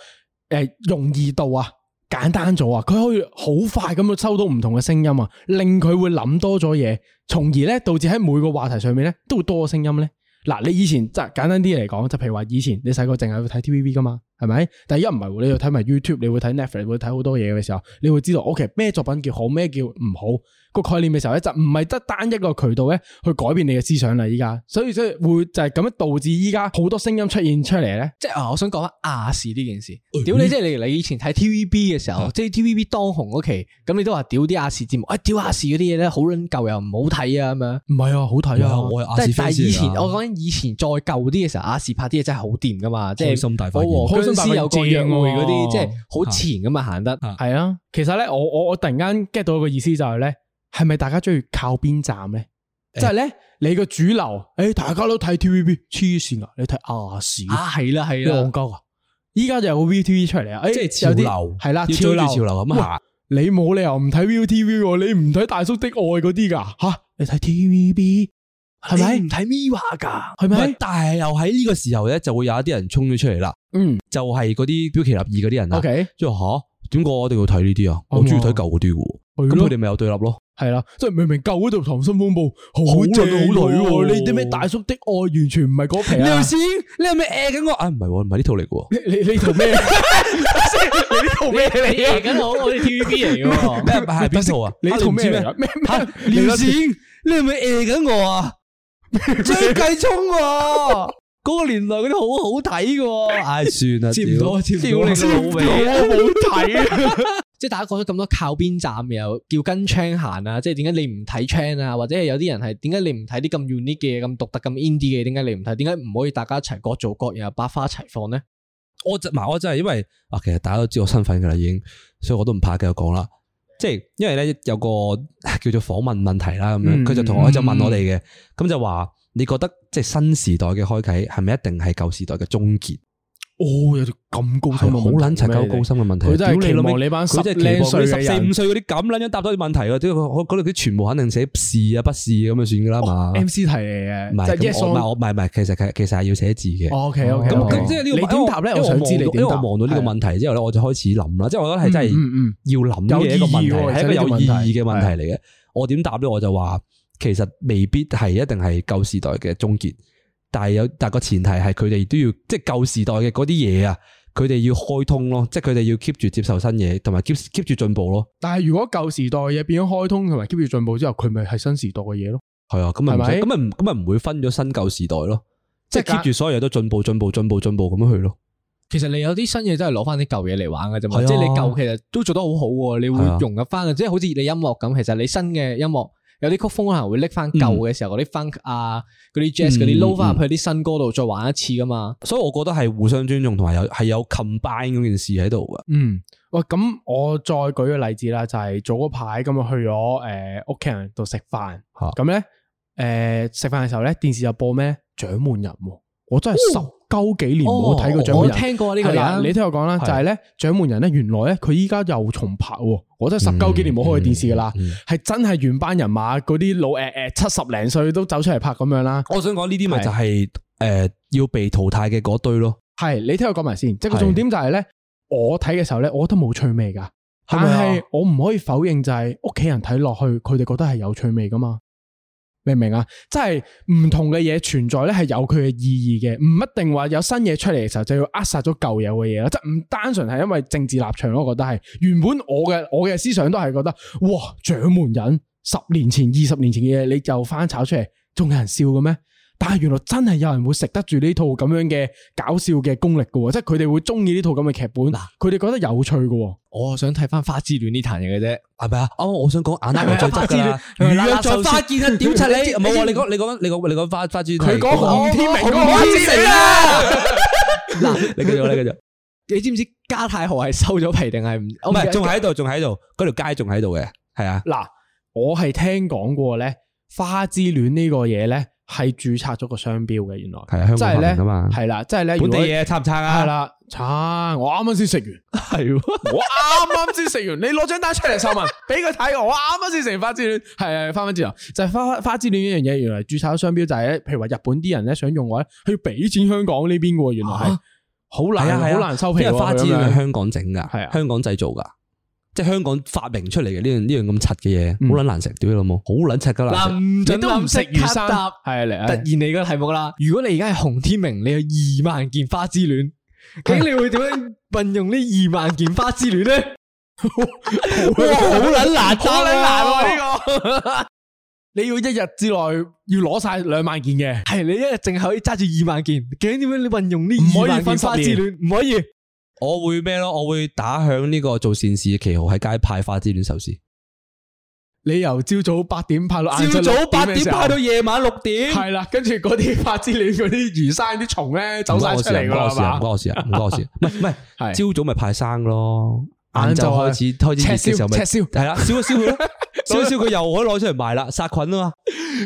呃、容易度啊，簡單咗啊，佢可以好快咁去收到唔同嘅聲音啊，令佢會諗多咗嘢，從而咧導致喺每個話題上面咧都會多聲音咧。嗱，你以前即係簡單啲嚟講，就譬如話以前你細個淨係要睇 TVB 噶嘛。係咪？但係一唔係，你去睇埋 YouTube，你會睇 Netflix，你會睇好多嘢嘅時候，你會知道，O.K. 咩作品叫好，咩叫唔好。個概念嘅時候咧，就唔係得單一個渠道咧去改變你嘅思想啦。依家，所以所以會就係咁樣導致依家好多聲音出現出嚟咧。即係啊，我想講下亞視呢件事，屌你！即係你你以前睇 TVB 嘅時候，即係 TVB 當紅嗰期，咁你都話屌啲亞視節目，誒屌亞視嗰啲嘢咧，好撚舊又唔好睇啊咁樣。唔係啊，好睇啊，我係亞視。但係以前，我講緊以前再舊啲嘅時候，亞視拍啲嘢真係好掂噶嘛，即係開心大發現，我和僵屍有個約會嗰啲，即係好前咁啊行得。係啊，其實咧，我我我突然間 get 到個意思就係咧。係咪大家中意靠邊站咧？即係咧，你個主流誒，大家都睇 T V B 黐線啊！你睇亞視啊，係啦係啦，戇鳩啊！依家就有個 V T V 出嚟啊，即係潮流係啦，潮流潮流咁吓。你冇理由唔睇 V T V，你唔睇大叔的愛嗰啲噶吓？你睇 T V B 係咪？唔睇咪話噶係咪？但係又喺呢個時候咧，就會有一啲人衝咗出嚟啦。嗯，就係嗰啲標奇立異嗰啲人 OK，即係吓點解我一定要睇呢啲啊？我中意睇舊嗰啲噶。咁佢哋咪有對立咯。係啦，即係明明舊嗰套溏心風暴好靚好睇，你啲咩大叔的愛完全唔係嗰皮。廖倩，你係咪 A 緊我？啊，唔係喎，唔係呢套嚟喎。你套咩？你套咩？你 A 緊我？我哋 TVB 嚟喎。咩？係邊套啊？你套咩？咩？係。廖倩，你係咪誒緊我啊唔係唔係呢套嚟噶你你套咩你套咩嚟誒緊我我哋 TVB 嚟噶咩係邊套啊你套咩咩咩廖倩你係咪誒緊我啊張繼聰嗰個年代嗰啲好好睇噶。唉，算啦，接唔到，接唔到你個老味，好睇。即係大家講咗咁多靠邊站，又叫跟 chain 行啊！即係點解你唔睇 chain 啊？或者係有啲人係點解你唔睇啲咁 unique 嘅嘢、咁獨特、咁 indie 嘅嘢？點解你唔睇？點解唔可以大家一齊各做各，然後百花齊放呢？我就，嗱，我真係因為啊，其實大家都知道我身份㗎啦，已經，所以我都唔怕繼續講啦。即係因為咧有個叫做訪問問題啦咁樣，佢就同我、嗯嗯、就問我哋嘅，咁就話你覺得即係新時代嘅開啟係咪一定係舊時代嘅終結？哦，有條咁高深嘅問題咩？佢真係期望你班，佢真係期望你十四五歲嗰啲咁撚樣答到啲問題嘅，即係嗰嗰度啲全部肯定寫是啊、不是咁就算噶啦嘛。MC 題嚟唔係我唔係唔係，其實係其實係要寫字嘅。OK OK。咁即係呢個，你點答咧？我想知你。因為我望到呢個問題之後咧，我就開始諗啦。即係我覺得係真係要諗嘅一個問題，係一個有意義嘅問題嚟嘅。我點答咧？我就話其實未必係一定係舊時代嘅終結。但係有，但個前提係佢哋都要，即係舊時代嘅嗰啲嘢啊，佢哋要開通咯，即係佢哋要 keep 住接受新嘢，同埋 keep keep 住進步咯。但係如果舊時代嘅嘢變咗開通同埋 keep 住進步之後，佢咪係新時代嘅嘢咯？係啊，咁咪，咁係咪，咁咪唔會分咗新舊時代咯？即係 keep 住所有嘢都進步，進步，進步，進步咁樣去咯。其實你有啲新嘢都係攞翻啲舊嘢嚟玩噶啫嘛，啊、即係你舊其實都做得好好，啊，你會融合翻，啊、即係好似你音樂咁，其實你新嘅音樂。新的新的新的新的有啲曲風可能會拎翻舊嘅時候，嗰啲 funk 啊，嗰啲 jazz，嗰啲撈翻入去啲新歌度再玩一次噶嘛，嗯嗯。所以我覺得係互相尊重同埋有係有 combine 嗰件事喺度噶。嗯，喂，咁我再舉個例子啦，就係、是、早排咁、呃、啊去咗誒屋企人度食飯，咁咧誒食飯嘅時候咧，電視又播咩？《掌門人、哦》，我真係熟。哦九幾年我睇過獎門人，哦、聽過呢、啊、吧個人。你聽我講啦，是就係咧獎門人咧，原來咧佢依家又重拍，嗯、我真係十九幾年冇開電視噶啦，係、嗯嗯、真係原班人馬，嗰啲老誒誒、呃呃、七十零歲都走出嚟拍咁樣啦。我想講呢啲咪就係、是、誒是、呃、要被淘汰嘅嗰堆咯。係你聽我講埋先，即係個重點就係、是、咧是，我睇嘅時候咧，我覺得冇趣味噶，但係我唔可以否認就係屋企人睇落去，佢哋覺得係有趣味噶嘛。明唔明啊？即係唔同嘅嘢，存在咧，係有佢嘅意義嘅，唔一定話有新嘢出嚟嘅時候就要扼殺咗舊有嘅嘢咯。即係唔單純係因為政治立場咯，我覺得係原本我嘅我嘅思想都係覺得，哇！掌門人十年前、二十年前嘅嘢，你就翻炒出嚟，仲有人笑嘅咩？但係原來真係有人會食得住呢套咁樣嘅搞笑嘅功力嘅喎，即係佢哋會中意呢套咁嘅劇本，佢哋覺得有趣嘅。我想睇翻《花之戀》呢壇嘢嘅啫，係咪啊？啱，我想講眼拉個再拆啦，魚再花見啊，點拆你？冇啊！你講你講你講你講花花之戀，佢講黃天明花之戀啊。嗱，你繼續，你繼續。你知唔知嘉泰河係收咗皮定係唔？唔係，仲喺度，仲喺度，嗰條街仲喺度嘅，係啊。嗱，我係聽講過咧，《花之戀》呢個嘢咧。係註冊咗個商標嘅，原來即係咧，係啦，即係咧，本地嘢，差唔差啊？係啦，差！我啱啱先食完，係我啱啱先食完，你攞張單出嚟，收文，俾佢睇我啱啱先食完花之戀，係係花花之戀，就係花花之戀呢樣嘢。原來註冊咗商標，就係譬如話日本啲人咧想用咧，佢要俾錢香港呢邊嘅。原來係好難，好難收皮。因為花之戀係香港整噶係啊，香港製造噶。即係香港發明出嚟嘅呢樣呢樣咁柒嘅嘢，好撚難食，屌你老母，好撚柒噶喇。林林食魚生，係啊，突然你個題目啦。如果你而家係洪天明，你有二萬件花之戀，咁你會點樣運用呢二萬件花之戀咧？好，好撚難，好撚難呢個。你要一日之內要攞晒兩萬件嘅，係你一日淨係可以揸住二萬件，究竟點樣你運用呢二萬件花之戀？唔可以。我會咩咯？我會打響呢個做善事嘅旗號，喺街派花之戀壽司。你由朝早八點派到，朝早八點派到夜晚六點，係啦。跟住嗰啲花之戀，嗰啲魚生，啲蟲咧，走晒出嚟噶係嘛？唔關我事啊，唔關我事啊，唔關我事。唔係，唔係，朝早咪派生咯，晏晝開始開始熱嘅時候咪炙燒，係啦，燒一燒佢，燒一燒佢又可以攞出嚟賣啦，殺菌啊嘛。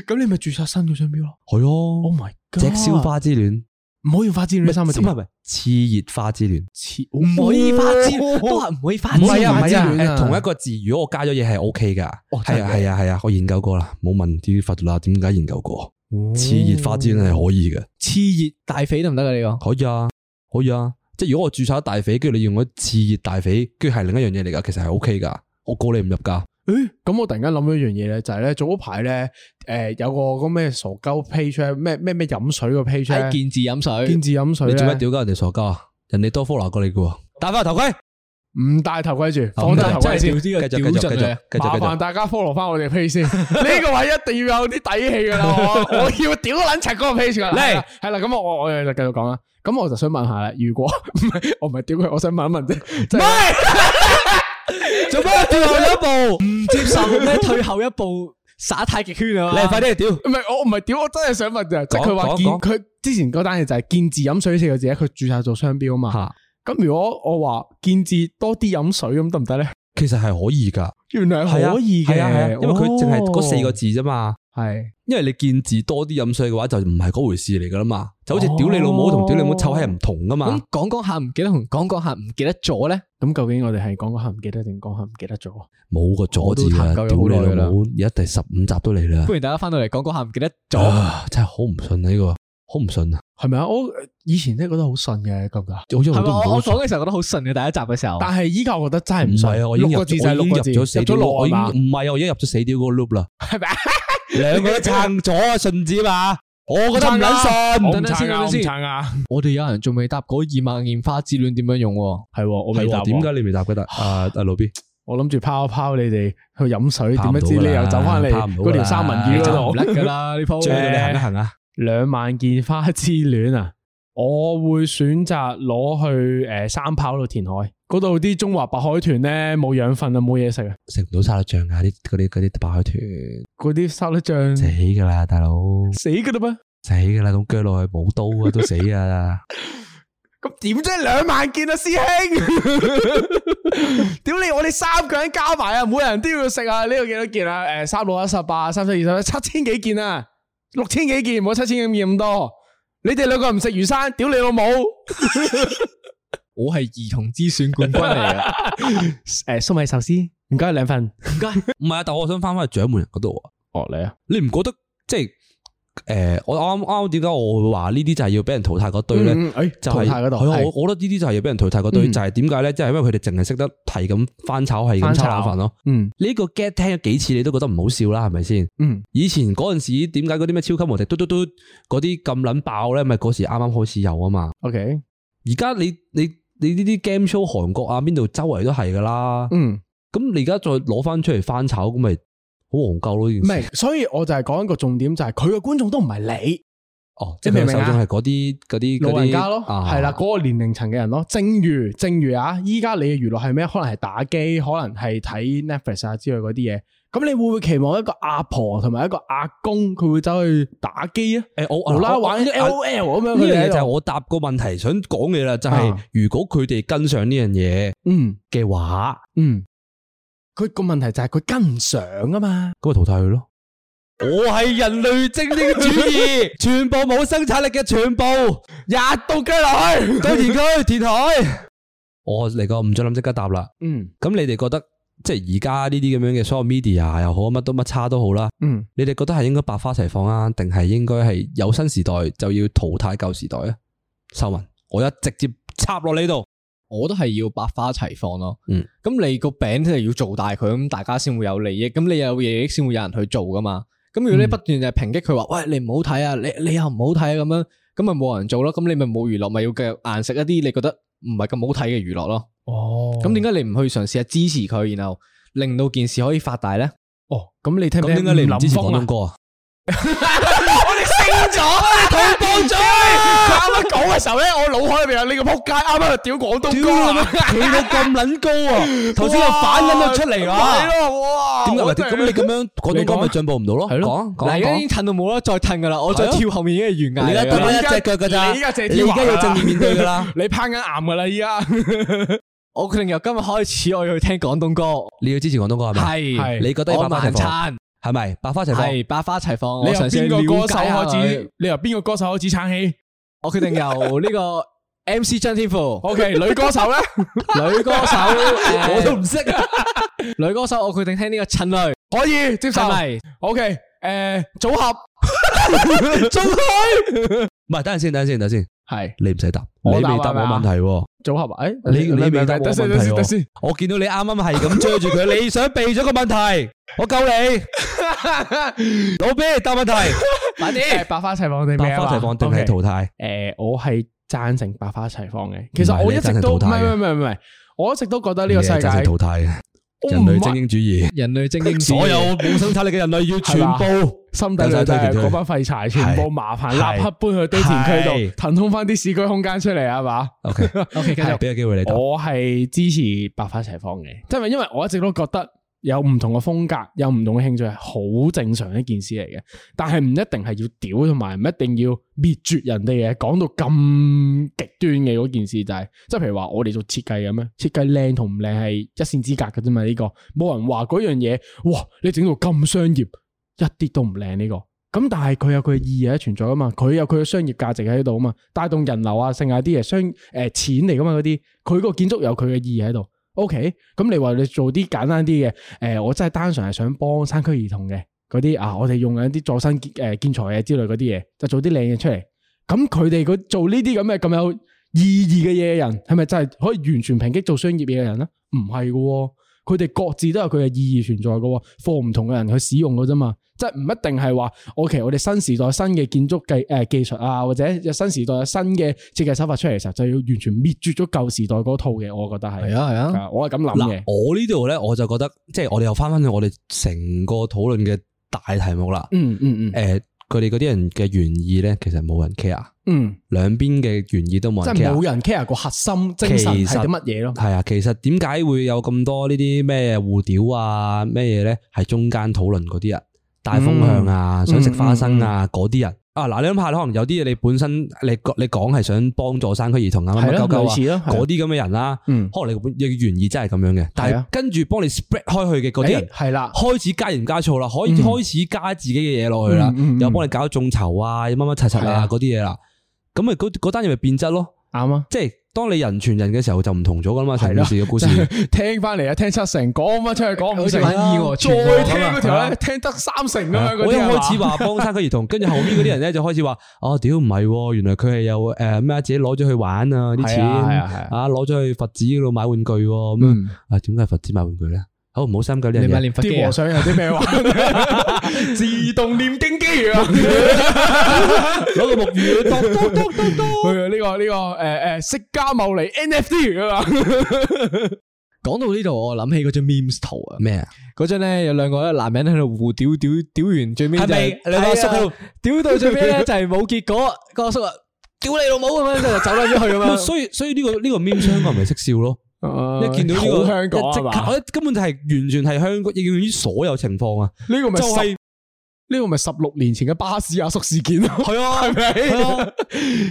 咁你咪註冊新嘅商標咯。係哦，Oh my god，炙燒花之戀。唔好用花之戀，唔係唔係，熾熱咩花之戀，熾唔可以花之戀，哦、都係唔可以花之戀啊！唔係啊，唔係啊，唔係啊。同一個字，如果我加咗嘢係 O K 噶，係、哦、啊係啊係啊，我研究過啦，冇問啲法律點解研究過，熾熱、哦、花之戀係可以嘅，熾熱大肥得唔得啊？你講可以啊，可以啊，即係如果我註冊大肥，跟住你用咗熾熱大肥，跟住係另一樣嘢嚟噶，其實係 O K 噶，我過你唔入噶。誒，咁、欸、我突然間諗咗樣嘢咧，就係咧早排咧，誒、呃、有個個咩傻鳩 page 咩咩咩飲水個 page，見字飲水，見字飲水，你做乜屌鳩人哋傻鳩啊？人哋多 follow 過你嘅，戴翻頭盔，唔戴頭盔住，放低頭盔、嗯、先頭盔，繼續繼續繼續，續續續，麻煩大家 follow 翻我哋 page 先。呢個位一定要有啲底氣噶啦，我要屌卵柒嗰個 page 啦。嚟係啦，咁我我又就繼續講啦。咁我就想問下啦，如果唔係， 我唔係屌佢，我想問一問啫。就是不 做咩退後一步？唔 接受咩？退後一步耍太極圈啊你！你快啲去屌！唔係我唔係屌，我真係想問說就即係佢話見佢之前嗰單嘢就係見字飲水四個字，佢註冊做商標啊嘛。咁的如果我話見字多啲飲水咁得唔得咧？其實係可以噶，原嚟係可以嘅，因為佢淨係嗰四個字啫嘛，係，因為你見字多啲飲水嘅話就唔係嗰回事嚟噶啦嘛，就好似屌你老母同屌你老母臭閪唔同噶嘛，咁講講下唔記得，同講講下唔記得咗咧，咁究竟我哋係講講下唔記得定講下唔記得咗？冇個咗字啊，屌你老母，而家第十五集都嚟啦，歡迎大家翻到嚟講講下唔記得咗，真係好唔順呢個。好唔信啊，係咪啊？我以前咧覺得好信嘅，咁噶？係啊，我講嘅時候覺得好信嘅第一集嘅時候，但係依家我覺得真係唔信。六個字就六個字，入咗六，唔係啊，我已經入咗死掉嗰個 loop 啦。係咪啊？兩個都撐咗啊，順子嘛？我覺得唔忍信。我撐啊！我哋有人仲未答嗰二萬蚊花之戀點樣用？係，我未答。點解你未答嘅？啊啊，老邊，我諗住拋一拋你哋去飲水，點不知你又走翻嚟，嗰條三文魚真係好叻噶啦！呢鋪你行一行啊？兩萬件花之戀啊！我會選擇攞去誒、哎、三炮度填海，嗰度啲中華白海豚咧冇養分啊，冇嘢食啊，食唔到沙律醬啊！啲嗰啲啲白海豚，嗰啲沙律醬死噶啦，大佬死噶啦咩？死噶啦，咁鋸落去冇刀啊，都死噶啦！咁點啫？兩萬件啊，師兄，屌你！我哋三個人加埋啊，每人都要食啊！呢度幾多件啊？誒，三六一十八，三十二十，七千幾件啊！哎六千幾件，冇七千幾件咁多。你哋兩個唔食魚生，屌你老母！我係兒童之選冠軍嚟嘅。誒、 呃，粟米壽司，唔該兩份，唔該。唔係啊，但係我想翻翻去掌門人嗰度。啊！哦，你啊，你唔覺得即係？誒、呃，我啱啱點解我會話呢啲就係要俾人淘汰嗰堆咧、嗯嗯？誒，就是、淘汰度，我我覺得呢啲就係要俾人淘汰嗰堆，嗯、就係點解咧？即、就、係、是、因為佢哋淨係識得係咁翻炒，係咁炒飯炒咯。嗯，呢個 gag 聽咗幾次你都覺得唔好笑啦，係咪先？嗯，以前嗰陣時點解嗰啲咩超級無敵嘟嘟嘟嗰啲咁撚爆咧？咪嗰時啱啱開始有啊嘛。OK，而家你你你呢啲 game show 韓國啊，邊度周圍都係噶啦。嗯，咁、嗯、你而家再攞翻出嚟翻炒，咁咪？好唔係，所以我就係講一個重點，就係佢嘅觀眾都唔係你哦，即係受眾係嗰啲嗰啲老人家咯，係、啊、啦，嗰、那個年齡層嘅人咯。正如正如啊，依家你嘅娛樂係咩？可能係打機，可能係睇 Netflix 啊之類嗰啲嘢。咁你會唔會期望一個阿婆同埋一個阿公，佢會走去打機啊？誒，我無啦啦玩 L O L 咁樣呢樣嘢就係我答個問題想講嘅啦，就係、啊、如果佢哋跟上呢樣嘢，嗯嘅話，嗯。佢個問題就係佢跟唔上啊嘛，咁咪淘汰佢咯。我係人類精英主義， 全部冇生產力嘅，全部日到雞落去，堆 填區、田 我嚟個唔再諗即刻答啦。嗯，咁你哋覺得即係而家呢啲咁樣嘅 social media 又好，乜都乜差都好啦。嗯，你哋覺得係應該百花齊放啊，定係應該係有新時代就要淘汰舊時代啊？秀文，我一直接插落呢度。我都係要百花齊放咯，咁、嗯、你個餅真係要做大佢，咁大家先會有利益，咁你有利益先會有人去做噶嘛，咁如果你不斷就係抨擊佢話，喂你唔好睇啊，你你，你又唔好睇啊咁樣，咁咪冇人做咯，咁你咪冇娛樂，咪要繼續硬食一啲你覺得唔係咁好睇嘅娛樂咯。哦，咁點解你唔去嘗試下支持佢，然後令到件事可以發大咧？哦，咁你聽唔、哦、聽林峰啊？ 變咗，好高咗！佢啱啱講嘅時候咧，我腦海入邊有你個仆街，啱啱又屌廣東歌，你冇咁撚高啊！頭先又反撚到出嚟啊！係咯，哇！點解咁？你咁樣廣東歌咪進步唔到咯？係咯，嗱，而家已經褪到冇啦，再褪噶啦，我再跳後面已經係懸崖，你而家跌翻一隻腳噶咋？你而家要正面面對噶啦，你攀緊岩噶啦，依家。我決定由今日開始我要去聽廣東歌，你要支持廣東歌係咪？係，你覺得我盲撐？係咪百花齊放？係百花齊放。我你由邊個歌手開始？ 你由邊個歌手開始撐起？我決定由呢個 M C 張天賦。 o、okay, K，女歌手咧？ 女歌手、呃、 我都唔識。女歌手我決定聽呢個陳蕾，可以接受？係。O K，誒，組合， 組合，唔係， 等陣先，等陣先，等陣先。係，是你唔使答。你未答我問題，組合誒，你你未答我問題，我見到你啱啱係咁追住佢，你想避咗個問題，我救你，老 B 答問題，快啲，百花齊放定咩啊？百花齊放定係淘汰？誒，我係讚成百花齊放嘅，其實我一直都唔係唔係唔係，我一直都覺得呢個世界。人類精英主義、哦，人類精英主義， 所有冇生產力嘅人類要全部 心底底係嗰班廢柴，全部麻煩立刻搬去堆填區度，騰 吧 空翻啲市區空間出嚟啊嘛。OK，OK，繼續，俾個機會你。我係支持百花齊放嘅，即、就、係、是、因為我一直都覺得。有唔同嘅風格，有唔同嘅興趣，係好正常一件事嚟嘅。但係唔一定係要屌，同埋唔一定要滅絕人哋嘅。講到咁極端嘅嗰件事，就係，就係即係譬如話，我哋做設計噉樣，設計靚同唔靚係一線之隔嘅啫嘛。呢、呢個冇人話嗰樣嘢，哇！你整到咁商業，一啲都唔靚呢個。咁但係佢有佢嘅意義喺存在啊嘛。佢有佢嘅商業價值喺度啊嘛。帶動人流啊，剩下啲嘢商誒、呃、錢嚟噶嘛嗰啲。佢個建築有佢嘅意義喺度。OK，咁你話你做啲簡單啲嘅，誒、呃，我真係單純係想幫山區兒童嘅嗰啲啊，我哋用緊啲助生建誒、呃、建材嘢之類嗰啲嘢，就做啲靚嘢出嚟。咁佢哋做呢啲咁嘅咁有意義嘅嘢嘅人，係咪真係可以完全抨擊做商業嘢嘅人咧？唔係噶，佢哋各自都有佢嘅意義存在噶、哦，放唔同嘅人去使用噶啫嘛。即係唔一定係話，O K，我哋新時代新嘅建築技誒技術啊，或者新時代新嘅設計手法出嚟嘅時候，就要完全滅絕咗舊時代嗰套嘅，我覺得係。係啊，係啊，啊我係咁諗嘅。嗱，我呢度咧，我就覺得，即係我哋又翻翻去我哋成個討論嘅大題目啦、嗯。嗯嗯嗯。誒、呃，佢哋嗰啲人嘅原意咧，其實冇人 care。嗯。兩邊嘅原意都冇。即係冇人 care 個實核心精神係啲乜嘢咯？係啊，其實點解會有咁多、啊、呢啲咩互屌啊咩嘢咧？係中間討論嗰啲人。大風向啊，想食花生啊，嗰啲、嗯嗯、人啊，嗱你諗下，可能有啲嘢你本身你你講係想幫助山區兒童啊，乜乜鳩鳩嗰啲咁嘅人啦，可能你本嘅原意真係咁樣嘅，但係跟住幫你 spread 開去嘅嗰啲係啦，開始加鹽加醋啦，可以開始加自己嘅嘢落去啦，嗯、又幫你搞眾籌啊，乜乜柒柒啊嗰啲嘢啦，咁咪嗰嗰單嘢咪變質咯。啱啊！即係當你人傳人嘅時候就唔同咗噶啦嘛，陳女士嘅故事聽翻嚟啊，聽七成講翻出去講五成二，再聽嗰條咧聽得三成咁樣。我一開始話幫差區兒童，跟住後面嗰啲人咧就開始話：哦，屌唔係，原來佢係有誒咩自己攞咗去玩啊啲錢啊，攞咗去佛寺嗰度買玩具咁樣。啊，點解佛寺買玩具咧？好唔好心噶啲人？點和尚有啲咩話？ 自動念經機啊！攞 個木魚，咚咚咚咚。去啊！呢個呢個誒誒，釋迦牟尼 NFT 啊嘛。講到呢度，我諗起嗰張 Memes 圖啊。咩啊？嗰張咧有兩個男人喺度互屌屌屌完，最尾，就係兩阿叔屌到最尾咧就係冇結果。嗰個阿叔話屌你老母咁樣就走甩咗去噶嘛。所以所以呢、呢個呢、呢個 Memes 香港人咪識笑咯。一見到呢個香港，即刻，根本就係完全係香港應用於所有情況啊！呢個咪即呢個咪十六年前嘅巴士阿叔事件咯，係啊，係咪？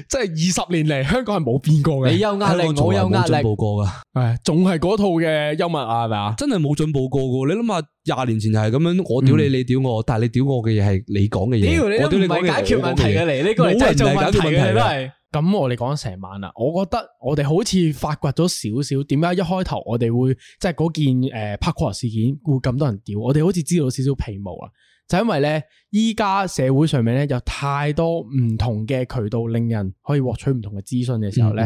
即係二十年嚟，香港係冇變過嘅。你有壓力，我有壓力，冇進步過噶，係仲係嗰套嘅幽默啊，係咪啊？真係冇進步過噶，你諗下廿年前就係咁樣，我屌你，你屌我，但係你屌我嘅嘢係你講嘅嘢，屌你唔係解決問題嘅，你呢個係真係解決問題嘅都係。咁我哋講咗成晚啦，我覺得我哋好似發掘咗少少，點解一開頭我哋會即係嗰件誒 Parkour 事件會咁多人屌？我哋好似知道少少皮毛啊，就因為呢，依家社會上面呢，有太多唔同嘅渠道，令人可以獲取唔同嘅資訊嘅時候呢，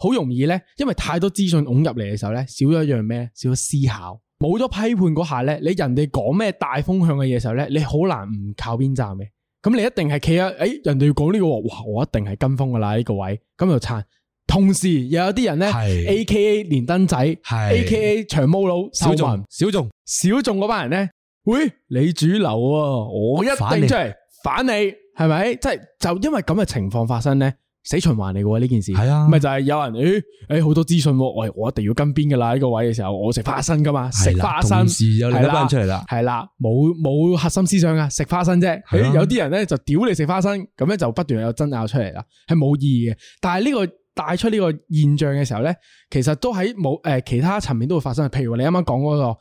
好、嗯嗯、容易呢，因為太多資訊湧入嚟嘅時候呢，少咗一樣咩？少咗思考，冇咗批判嗰下呢，你人哋講咩大風向嘅嘢時候呢，你好難唔靠邊站嘅。咁你一定係企啊！誒、欸，人哋要講呢個，哇！我一定係跟風噶啦呢個位，咁就撐。同時又有啲人咧，AKA 連登仔，AKA 長毛佬小，小眾，小眾，小眾嗰班人咧，喂、欸，你主流啊，我，我一定出嚟反你，係咪？即、就、係、是、就因為咁嘅情況發生咧。死循環嚟嘅喎呢件事，係啊，咪就係有人誒誒，好多資訊，我我一定要跟邊嘅啦。呢個位嘅時候，我食花生噶嘛，食、啊、花生事有同嚟啦，出嚟啦、啊，係啦、啊，冇冇核心思想啊，食花生啫。誒，有啲人咧就屌你食花生，咁咧就不斷有爭拗出嚟啦，係冇意義嘅。但係呢個帶出呢個現象嘅時候咧，其實都喺冇誒其他層面都會發生。譬如你啱啱講嗰個誒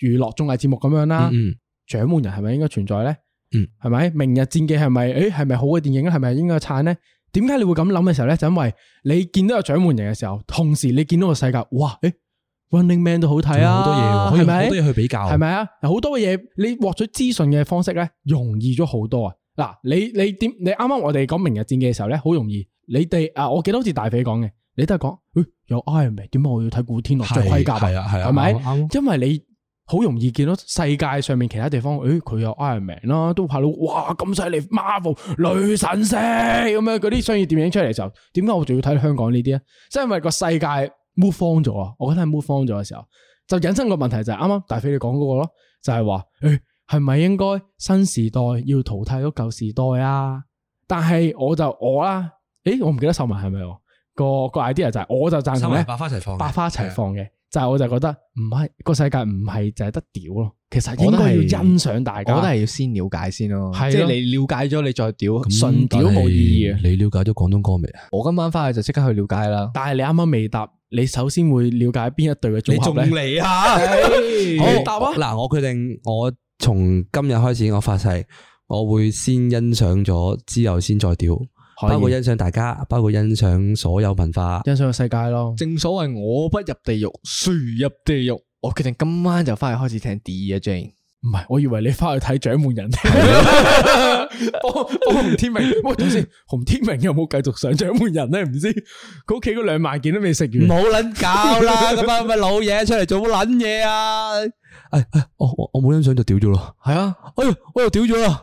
娛樂綜藝節目咁樣啦，嗯嗯、掌門人係咪應該存在咧？嗯，係咪明日戰記係咪誒係咪好嘅電影啊？係咪應該撐咧？點解你會咁諗嘅時候咧？就因為你見到有掌門人嘅時候，同時你見到個世界，哇！誒、欸、，Running Man 都好睇啊，好多嘢、啊，係咪？好多嘢去比較，係咪啊？好多嘢，你獲取資訊嘅方式咧，容易咗好多啊！嗱、啊，你你點？你啱啱我哋講明日戰記嘅時候咧，好容易，你哋啊，我記得好似大肥講嘅，你都係講、欸，有 Iron Man，點解我要睇古天樂着盔甲？係啊係啊，係咪？因為你。好容易見到世界上面其他地方，誒、哎、佢有 Iron Man 啦、啊，都拍到哇咁犀利，Marvel 雷神式咁樣嗰啲商業電影出嚟嘅時候，點解我仲要睇香港呢啲啊？即係因為個世界 move forward 咗啊！我覺得係 move forward 咗嘅時候，就引申個問題就係啱啱大飛你講嗰、那個咯，就係話誒係咪應該新時代要淘汰咗舊時代啊？但係我就我啦，誒我唔記得秀文係咪個個 idea 就係我就贊同咧，百花齊放，百花齊放嘅。就我就覺得唔係個世界唔係淨係得屌咯，其實我應該要欣賞大家，我都係要先了解先咯、啊，的即係你了解咗你再屌，信、嗯、屌冇意義啊！你了解咗廣東歌未啊？我今晚翻去就即刻去了解啦。但係你啱啱未答，你首先會了解邊一隊嘅組合咧？你仲嚟啊？ 好，好答啊！嗱，我決定，我從今日開始，我發誓，我會先欣賞咗之後，先再，再屌。包括欣賞大家，包括欣賞所有文化，欣賞個世界咯。正所謂我不入地獄，誰入地獄？我決定今晚就翻去開始聽 Dear Jane。唔係是，我以為你翻去睇《掌門人。》 幫幫洪天明， 喂，等先，洪天明有冇繼續上《掌門人呢》咧？唔知佢屋企嗰兩萬件都未食完。冇捻搞啦！咁 啊，咁啊、哎，老嘢出嚟做乜捻嘢啊？誒誒，我我冇欣賞就屌咗咯。係啊，哎呀，我又屌咗啦。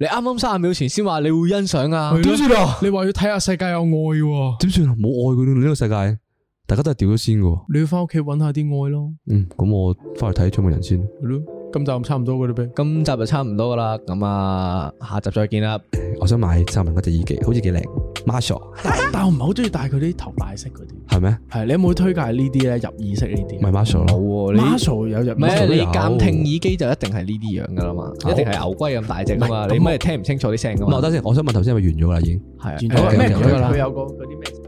你啱啱三十秒前先話你會欣賞啊？點算了啊？你話要睇下世界有愛喎？點算啊？冇、啊、愛嗰啲呢個世界，大家都係屌咗先噶。你要翻屋企揾下啲愛咯。嗯，咁我翻去睇《出沒人》先。係咯，今集差唔多噶啦唄。今集就差唔多噶啦。咁啊，下集再見啦、欸。我想買《三文》嗰隻耳機，好似幾靚。Marshall，但我唔係好中意戴佢啲頭戴式。啲。係咩？係你有冇推介呢啲咧，入耳式呢啲？唔係 Marshall 咯，冇 Marshall 有入咩？你監聽耳機就一定係呢啲樣噶啦嘛，一定係牛龜咁大隻噶嘛，你咩聽唔清楚啲聲咁？唔係先，我想問頭先係咪完咗啦？已經係完咗，咩佢佢有個啲咩？